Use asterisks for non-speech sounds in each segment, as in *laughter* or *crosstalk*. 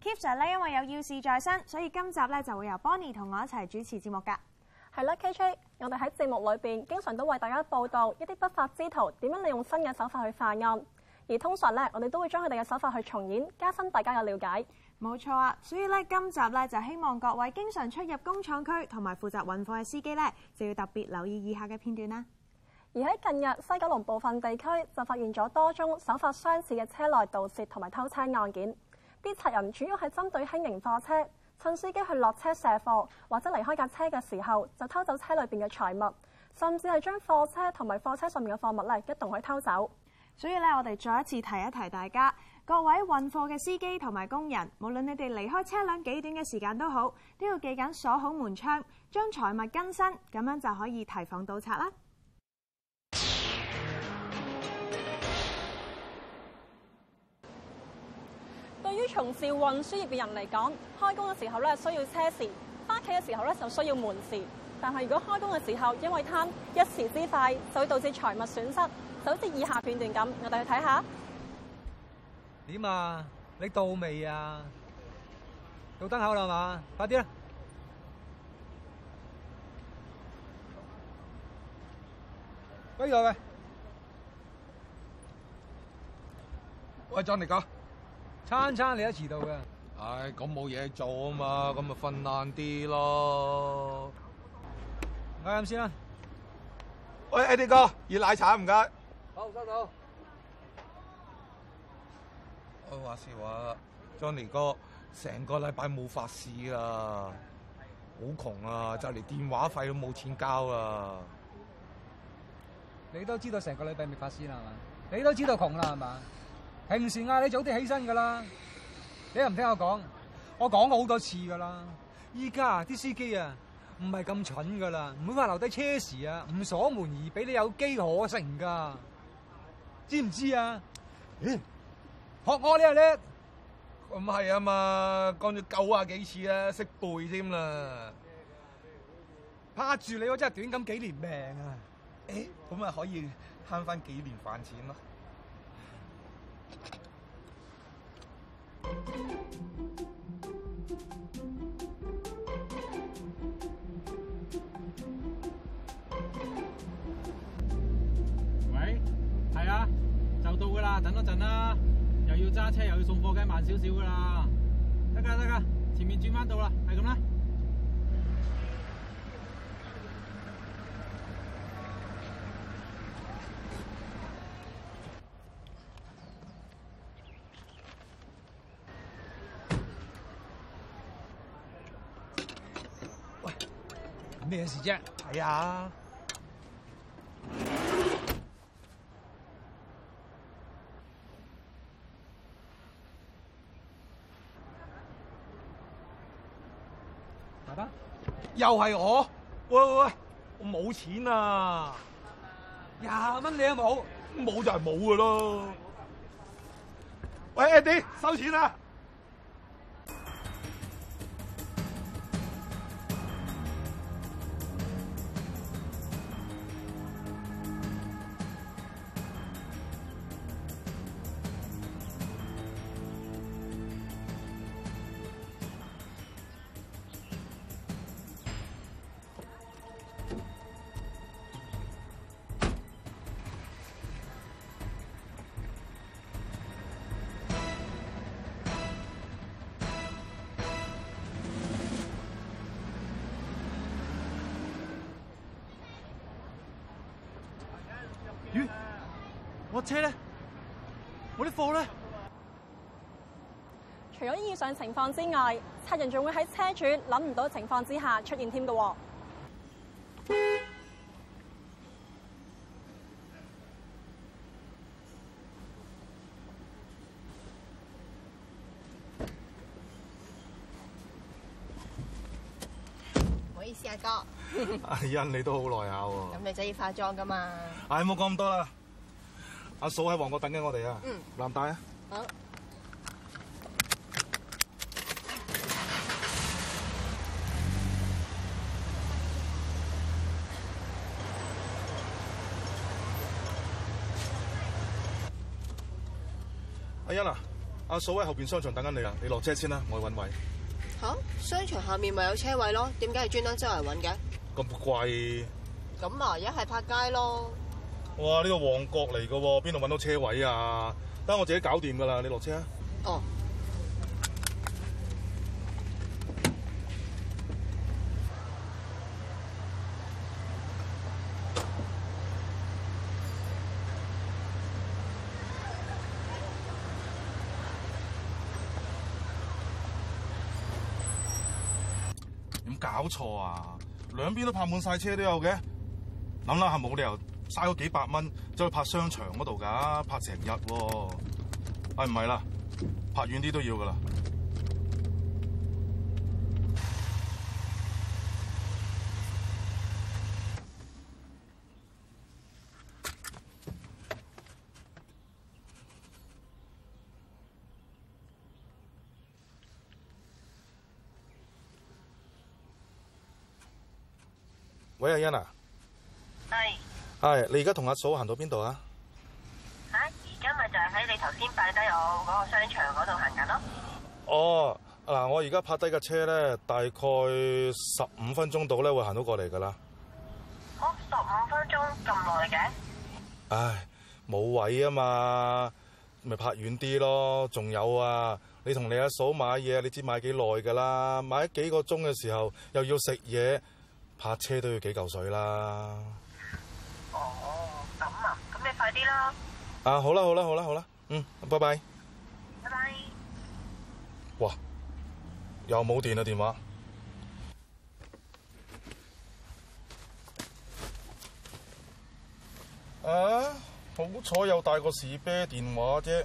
Kip Sir 咧，因為有要事在身，所以今集咧就會由 Bonnie 同我一齊主持節目。噶係啦，K c i 我哋喺節目裏面經常都為大家報道一啲不法之徒點樣利用新嘅手法去犯案，而通常咧，我哋都會將佢哋嘅手法去重演，加深大家嘅了解。冇錯啊！所以咧，今集咧就希望各位經常出入工廠區同埋負責運貨嘅司機咧，就要特別留意以下嘅片段啦啊。而喺近日西九龍部分地區就發現咗多宗手法相似嘅車內盜竊同埋偷車案件。啲賊人主要係針對輕型貨車，趁司機去落車卸貨或者離開架車嘅時候，就偷走車裏邊嘅財物，甚至係將貨車同埋貨車上面嘅貨物咧一同去偷走。所以咧，我哋再一次提一提大家，各位運貨嘅司機同埋工人，無論你哋離開車輛幾短嘅時間都好，都要記緊鎖好門窗，將財物更新，咁樣就可以提防盜賊啦。對於從事運輸業嘅人嚟講，開工嘅時候咧需要車匙，翻企嘅時候咧就需要門匙。但係如果開工嘅時候因為貪一時之快，就會導致財物損失，就好似以下片段咁，我哋去睇下。點啊？你到未啊？到登口啦嘛，快啲啦！喂，入嚟，我裝你噶。餐餐你都遲到嘅，唉、哎，咁冇嘢做啊嘛，咁咪瞓晏啲咯。我飲先啦。喂，Andy 哥，熱奶茶唔該。好，收到。我話說話，Johnny 哥成個禮拜冇發市啊，好窮啊，就連電話費都冇錢交啊。你都知道成個禮拜未發市啦，係嘛？你都知道窮啦，係嘛？平時嗌你早啲起身噶啦，你又唔聽我講，我講過好多次噶啦。依家啲司機啊，唔係咁蠢噶啦，唔會話留低車匙啊，唔鎖門而俾你有機可乘噶，知唔知啊？咦、哎，學我呢又叻，咁、嗯、係啊嘛，講咗九啊幾次啦，識背添啦。怕住你我真係短咁幾年命啊！誒、哎，咁咪可以慳翻幾年飯錢咯？喂，係啊，就到噶啦，等多陣啦，又要揸車又要送貨，梗係慢少少噶啦，得噶得噶，前面轉翻到啦，係咁啦。咩事啫？哎呀！大伯，又係我。喂喂喂，我冇錢啊，沒有沒有！廿蚊你都冇，冇就係冇噶咯。喂，Andy，收錢啦！車呢？我啲貨呢？除咗以上情況之外，賊人仲會喺車主諗唔到情況之下出現添㗎喎。唔好意思啊，哥，哎 *laughs* 呀，你都好耐下喎，咁你就要化妝噶嘛？哎，冇講咁多啦。阿嫂喺旺角等緊我哋啊，嗯，南大啊，好，阿欣啊，阿嫂喺後邊商場等緊你啊，你落車先啦，我去揾位。吓，商場下面咪有車位咯，點解係專登周圍揾嘅？咁貴？咁啊，一係拍街咯。哇！呢個旺角嚟噶，邊度搵到車位啊？得，我自己搞掂噶啦，你落車啊！哦。點搞錯啊？兩邊都泊滿晒車都有嘅，諗諗下冇理由。嘥咗幾百蚊走去拍商場嗰度㗎，拍成日喎。係唔係啦，拍遠啲都要㗎喇。喂，阿欣啊？係。係、哎，你而家同阿嫂行到邊度啊？吓、啊，而家咪就係喺你頭先擺低我嗰個商場嗰度行緊咯。哦，嗱、啊，我而家泊低架車咧，大概十五分鐘到咧，會行到過嚟噶啦。好，十五分鐘咁耐嘅？唉、哎，冇位啊嘛，咪泊遠啲咯。仲有啊，你同你阿嫂買嘢，你知買幾耐噶啦？買幾個鐘嘅時候，又要食嘢，泊車都要幾嚿水啦。哦，咁啊，咁你快啲啦！啊，好啦好啦好啦好啦，嗯，拜拜。拜拜。哇，又冇電啊電話。啊，好彩有帶個士啤電話啫。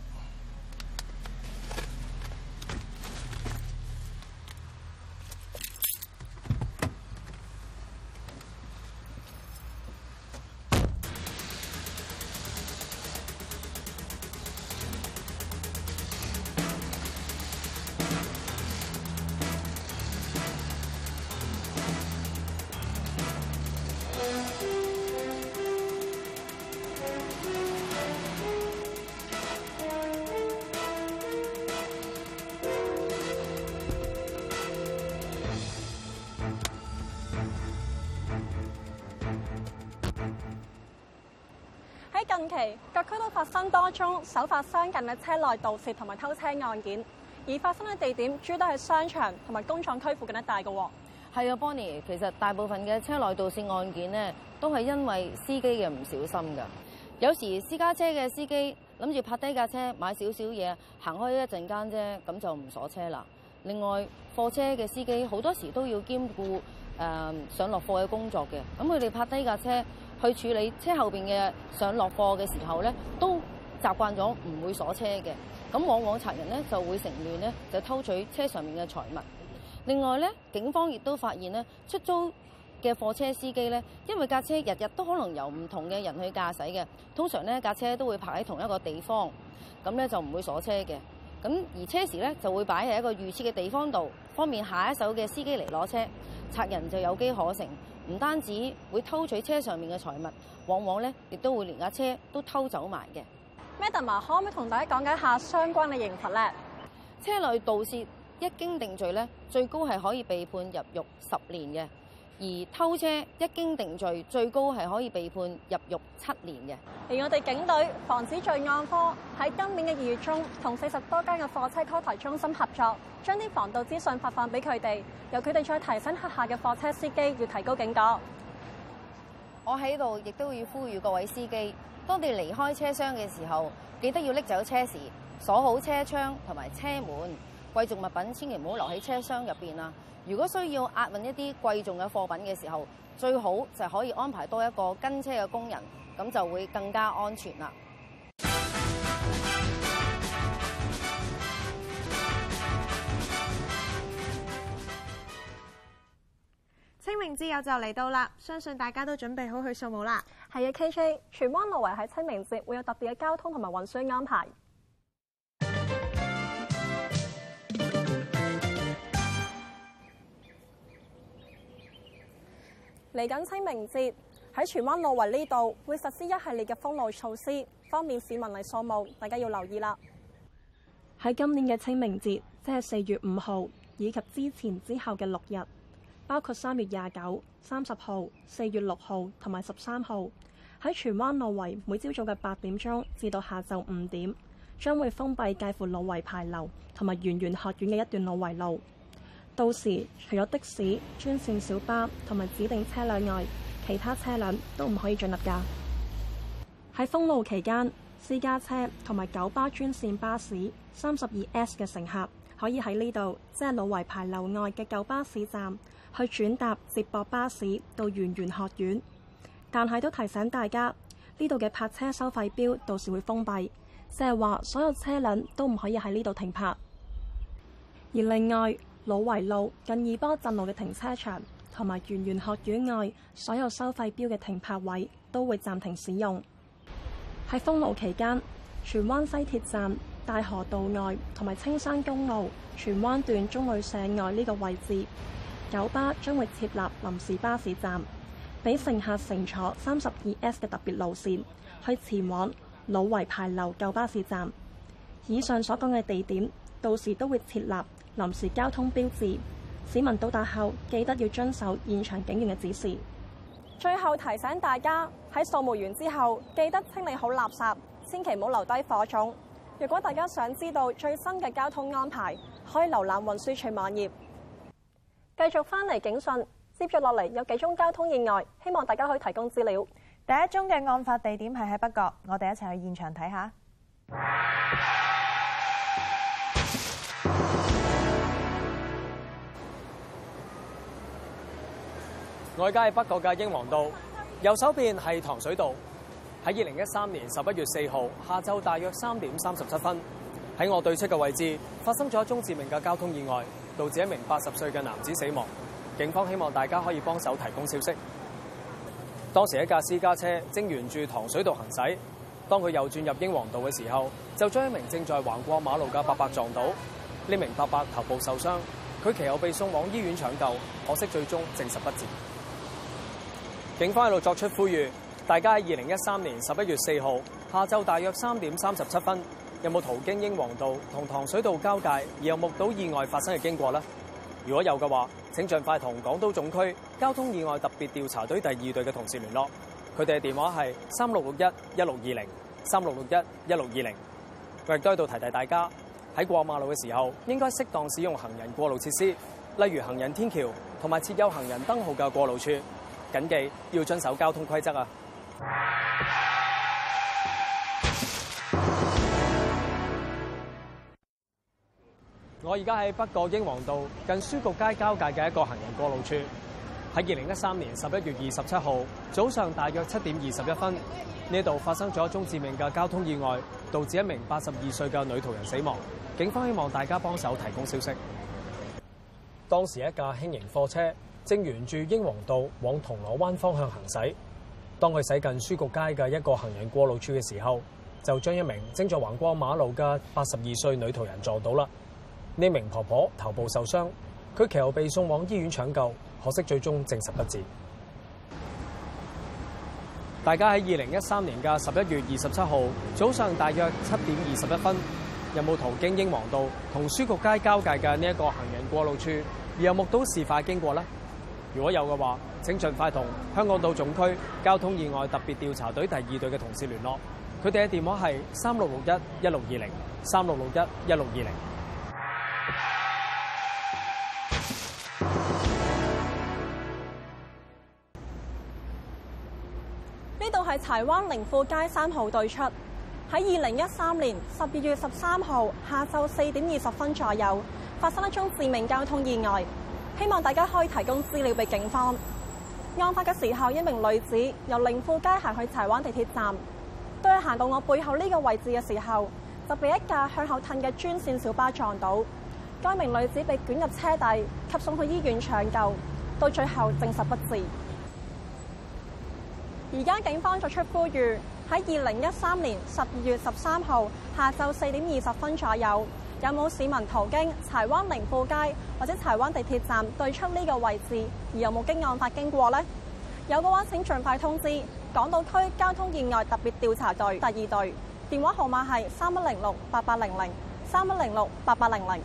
近期各區都發生多宗手法相近嘅車內盜竊同埋偷車案件，而發生嘅地點主要都係商場同埋工廠區附近一帶嘅。喎，係啊，Bonnie，其實大部分嘅車內盜竊案件呢，都係因為司機嘅唔小心㗎。有時私家車嘅司機諗住泊低架車買少少嘢，行開一陣間啫，咁就唔鎖車啦。另外，貨車嘅司機好多時都要兼顧誒上落貨嘅工作嘅，咁佢哋泊低架車，去處理車後面嘅上落貨嘅時候呢，都習慣咗唔會鎖車嘅，咁往往賊人呢就會成亂呢，就偷取車上面嘅財物。另外呢，警方亦都發現呢，出租嘅貨車司機呢，因為架車日日都可能由唔同嘅人去駕駛嘅，通常呢架車都會泊喺同一個地方，咁呢就唔會鎖車嘅。咁而車時呢，就會擺喺一個預設嘅地方度，方便下一手嘅司機嚟攞車，賊人就有機可乘。唔單止會偷取車上面嘅財物，往往咧亦都會連架車都偷走埋嘅。Madam，可唔可以同大家講解下相關嘅刑罰咧？車內盜竊一經定罪咧，最高係可以被判入獄十年嘅。而偷車一經定罪，最高係可以被判入獄七年嘅。而我哋警隊防止罪案科喺今年嘅二月中，同四十多間嘅貨車 call 台中心合作，將啲防盜資訊發放俾佢哋，由佢哋再提醒旗下嘅貨車司機要提高警覺。我喺度亦都要呼籲各位司機，當你離開車廂嘅時候，記得要拎走車匙，鎖好車窗同埋車門，貴重物品千祈唔好留喺車廂入邊啊！如果需要押運一啲貴重嘅貨品嘅時候，最好就是可以安排多一個跟車嘅工人，咁就會更加安全啦。清明節又就嚟到啦，相信大家都準備好去掃墓啦。係啊，KK，荃灣路圍喺清明節會有特別嘅交通同埋運輸安排。嚟緊清明節喺荃灣路圍呢度會實施一系列嘅封路措施，方便市民嚟掃墓，大家要留意啦。喺今年嘅清明節，即係四月五號以及之前之後嘅六日，包括三月廿九、三十號、四月六號同埋十三號，喺荃灣路圍每朝早嘅八點鐘至到下晝五點，將會封閉介乎路圍牌樓同埋圓玄學院嘅一段路圍路。到時，除咗的士、專線小巴同埋指定車輛外，其他車輛都唔可以進入噶。喺封路期間，私家車同埋九巴專線巴士三十二 S 嘅乘客可以喺呢度即係老圍牌樓外嘅舊巴士站去轉搭接駁巴士到圓玄學院。但係都提醒大家，呢度嘅泊車收費標到時會封閉，即係話所有車輛都唔可以喺呢度停泊。而另外，老圍路近二波鎮路嘅停車場，同埋圓玄學院外所有收費標嘅停泊位都會暫停使用。喺封路期間，荃灣西鐵站大河道外同埋青山公路荃灣段中旅社外呢個位置，九巴將會設立臨時巴士站，俾乘客乘坐三十二 S 嘅特別路線去前往老圍牌樓舊巴士站。以上所講嘅地點，到時都會設立。臨時交通標誌，市民到達後記得要遵守現場警員嘅指示。最後提醒大家喺掃墓完之後，記得清理好垃圾，千祈唔好留低火種。如果大家想知道最新嘅交通安排，可以瀏覽運輸處網頁。繼續翻嚟警訊，接住落嚟有幾宗交通意外，希望大家可以提供資料。第一宗嘅案發地點係喺北角，我哋一齊去現場睇下。外街北角嘅英皇道，右手邊係糖水道。喺二零一三年十一月四號下晝大約三點三十七分，喺我對出嘅位置發生咗一宗致命嘅交通意外，導致一名八十歲嘅男子死亡。警方希望大家可以幫手提供消息。當時一架私家車正沿住糖水道行駛，當佢右轉入英皇道嘅時候，就將一名正在橫過馬路嘅伯伯撞倒。呢名伯伯頭部受傷，佢其後被送往醫院搶救，可惜最終證實不治。警方喺度作出呼籲，大家喺二零一三年十一月四號下晝大約三點三十七分有冇途經英皇道同糖水道交界而又目睹意外發生嘅經過呢？如果有嘅話，請盡快同港島總區交通意外特別調查隊第二隊嘅同事聯絡，佢哋嘅電話係三六六一一六二零三六六一一六二零。我亦都喺度提提大家喺過馬路嘅時候應該適當使用行人過路設施，例如行人天橋同埋設有行人燈號嘅過路處。緊記要遵守交通規則啊！我而家喺北角英皇道近書局街交界嘅一個行人過路處。喺二零一三年十一月二十七號早上大約七點二十一分，呢度發生咗一宗致命嘅交通意外，導致一名八十二歲嘅女途人死亡。警方希望大家幫手提供消息。當時一架輕型貨車正沿住英皇道往銅鑼灣方向行駛，當佢駛近書局街嘅一個行人過路處嘅時候，就將一名正在橫過馬路嘅八十二歲女途人撞到啦。呢名婆婆頭部受傷，佢其後被送往醫院搶救，可惜最終證實不治。大家喺二零一三年嘅十一月二十七號早上大約七點二十一分，有冇途經英皇道同書局街交界嘅呢一個行人過路處，而又目睹事發經過呢？如果有嘅話，請盡快同香港島總區交通意外特別調查隊第二隊嘅同事聯絡。佢哋嘅電話係三六六一一六二零三六六一一六二零。呢度係柴灣寧富街三號對出。喺二零一三年十二月十三號下晝四點二十分左右，發生一宗致命交通意外。希望大家可以提供資料俾警方。案發嘅時候，一名女子由寧富街行去柴灣地鐵站，當佢行到我背後呢個位置嘅時候，就被一架向後褪嘅專線小巴撞到。該名女子被捲入車底，及送去醫院搶救，到最後證實不治。而家警方作出呼籲，喺二零一三年十二月十三號下晝四點二十分左右。有冇市民途經柴灣寧富街或者柴灣地鐵站對出呢個位置，而有冇經案發經過呢？有嘅話，請盡快通知港島區交通意外特別調查隊第二隊，電話號碼係三一零六八八零零三一零六八八零零。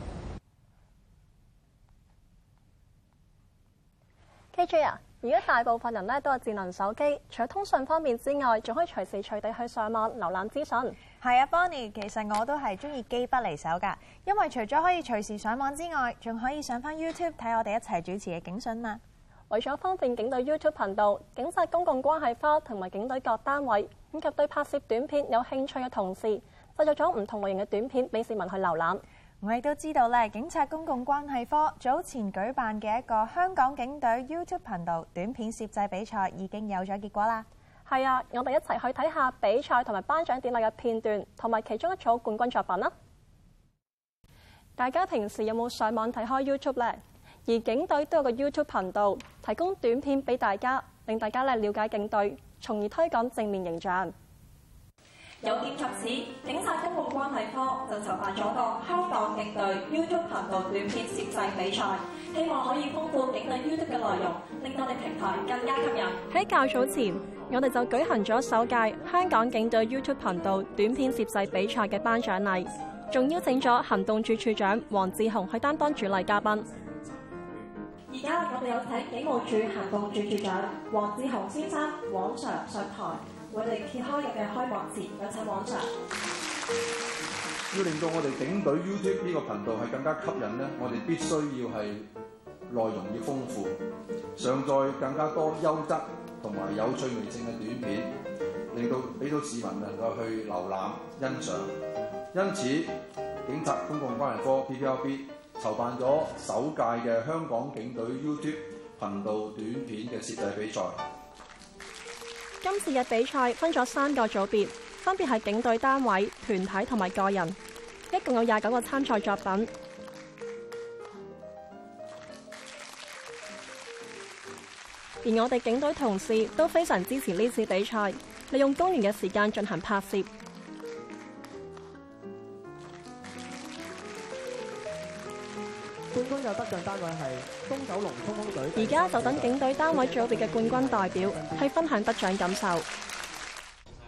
KJ 啊！而家大部分人咧都係智能手機，除咗通訊方面之外，仲可以隨時隨地去上網瀏覽資訊。係啊，Bonnie，其實我都係中意機不離手噶，因為除咗可以隨時上網之外，仲可以上翻 YouTube 睇我哋一齊主持嘅警訊嘛。為咗方便警隊 YouTube 頻道，警察公共關係科同埋警隊各單位，以及對拍攝短片有興趣嘅同事，製作咗唔同類型嘅短片俾市民去瀏覽。我哋都知道咧，警察公共關係科早前舉辦嘅一個香港警隊 YouTube 頻道短片攝製比賽已經有咗結果啦。係啊，我哋一齊去睇下比賽同埋頒獎典禮嘅片段，同埋其中一組冠軍作品啦。大家平時有冇上網睇開 YouTube 呢？而警隊都有個 YouTube 頻道，提供短片俾大家，令大家咧了解警隊，從而推廣正面形象。有見及此，警察公共關係科就籌辦咗個香港警隊 YouTube 頻道短片攝製比賽，希望可以豐富警隊 YouTube 嘅內容，令到我哋平台更加吸引。喺較早前，我哋就舉行咗首屆香港警隊 YouTube 頻道短片攝製比賽嘅頒獎禮，仲邀請咗行動處處長黃志雄去擔當主禮嘉賓。而家我哋有請警務處行動處處長黃志雄先生往常上台。我哋揭開日嘅開幕詞有請網上，要令到我哋警隊 YouTube 呢個頻道係更加吸引咧，我哋必須要係內容要豐富，上載更加多優質同埋有趣味性嘅短片，令到俾到市民能夠去瀏覽欣賞。因此，警察公共關係科 PPRB 籌辦咗首屆嘅香港警隊 YouTube 頻道短片嘅設計比賽。今次嘅比賽分咗三個組別，分別係警隊單位、團體同埋個人，一共有廿九個參賽作品。而我哋警隊同事都非常支持呢次比賽，利用公餘嘅時間進行拍攝。一般有得獎單位係東九龍衝鋒隊，而家就等警隊單位組別嘅冠軍代表，去分享得獎感受。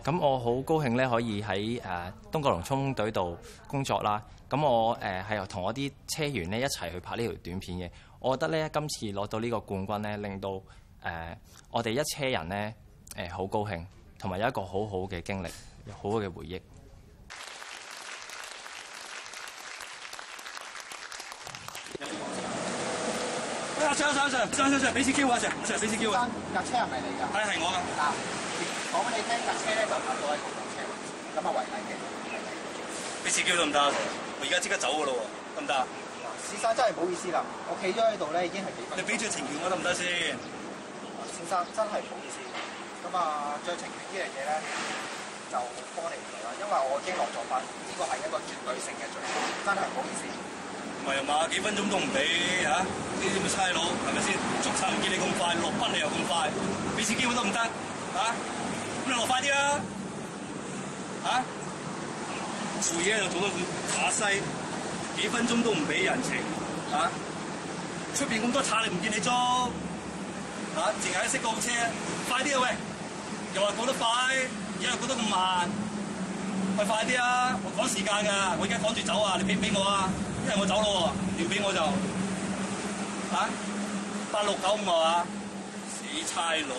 咁我好高興咧，可以喺誒東九龍衝鋒隊度工作啦。咁我誒係同我啲車員咧一齊去拍呢條短片嘅。我覺得呢，今次攞到呢個冠軍呢，令到誒我哋一車人呢，誒好高興，同埋有一個好好嘅經歷，好好嘅回憶。上上上，上上上，俾次 Q 阿 Sir，阿 Sir 俾次 Q 啊！架車係咪你噶？係係我啊！嗱，講俾你聽架車咧就停咗喺公共車，咁啊違例嘅。俾次 Q 得唔得阿 Sir？我而家即刻走噶咯喎，得唔得啊？先生真係唔好意思啦，我企咗喺度咧已經係幾。你俾張情券我得唔得先？先生真係唔好意思，咁啊，着情券呢樣嘢咧就唔方便啦，因為我已經落咗班，呢個係一個絕對性嘅罪，真係唔好意思。話又嘛，幾分鐘都唔俾吓，呢啲咪差佬係咪先？捉賊唔見你咁快，落班你又咁快，俾次機會都唔得，吓、啊，咁你落快啲啦、啊，啊！做嘢又做得咁揦西，幾分鐘都唔俾人情，啊！出邊咁多賊，唔見你捉，啊！淨係識過車，快啲啊喂！又話過得快，而家又過得咁慢，喂，快啲啊！我趕時間噶、啊，我而家趕住走啊，你俾唔俾我啊？因為我走咯，要俾我就，啊，八六九五啊嘛，死差佬，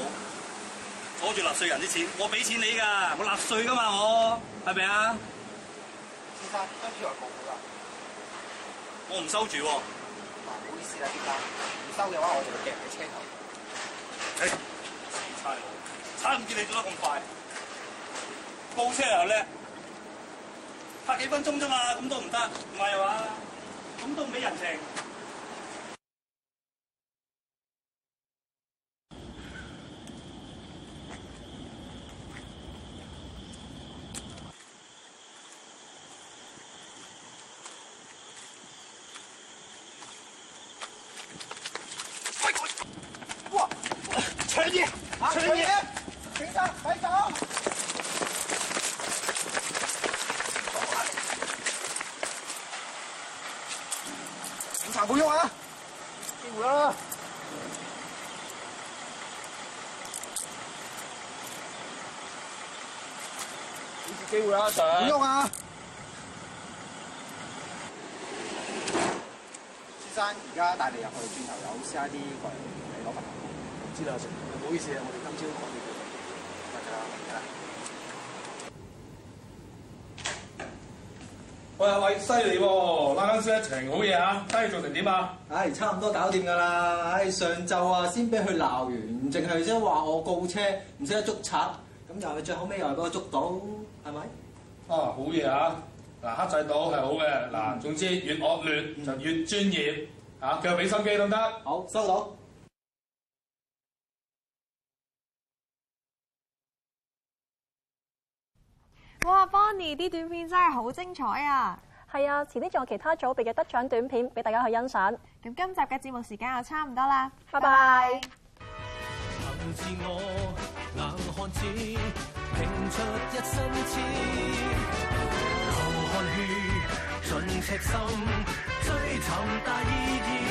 攞住納稅人啲錢，我俾錢你噶，我納稅噶嘛，我係咪啊？先生，都以為我好噶，我唔收住、啊。唔、啊、好意思啊，先生，唔收嘅話我就會夾喺車頭。欸、死差佬，差唔見你做得咁快，報車又咧，拍幾分鐘啫嘛，咁都唔得，唔係話。咁都唔俾人情。機會啊！Sir 唔用啊！先生，而家帶你入去，轉頭有試下啲貴嘢攞份紅，唔知唔、啊啊、好意思我哋今朝趕住去。係啊，係啊。喂喂，犀利喎！拉緊 set 情好嘢啊！今日做成點啊？唉、哎，差唔多搞掂噶啦。唉、哎，上晝啊，先俾佢鬧完，淨係先話我告車唔識得捉賊，咁又係最後尾又係俾我捉到。係咪？哦，好嘢嚇！嗱，黑仔到係好嘅，嗱，總之越惡劣就越專業嚇，繼續俾心機得唔得？好，收到。哇，Bonnie 啲短片真係好精彩啊！係啊，遲啲仲有其他組別嘅得獎短片俾大家去欣賞。咁今集嘅節目時間又差唔多啦，拜拜。冷漢子拼出一身刺，流汗血盡赤心，追尋大意義。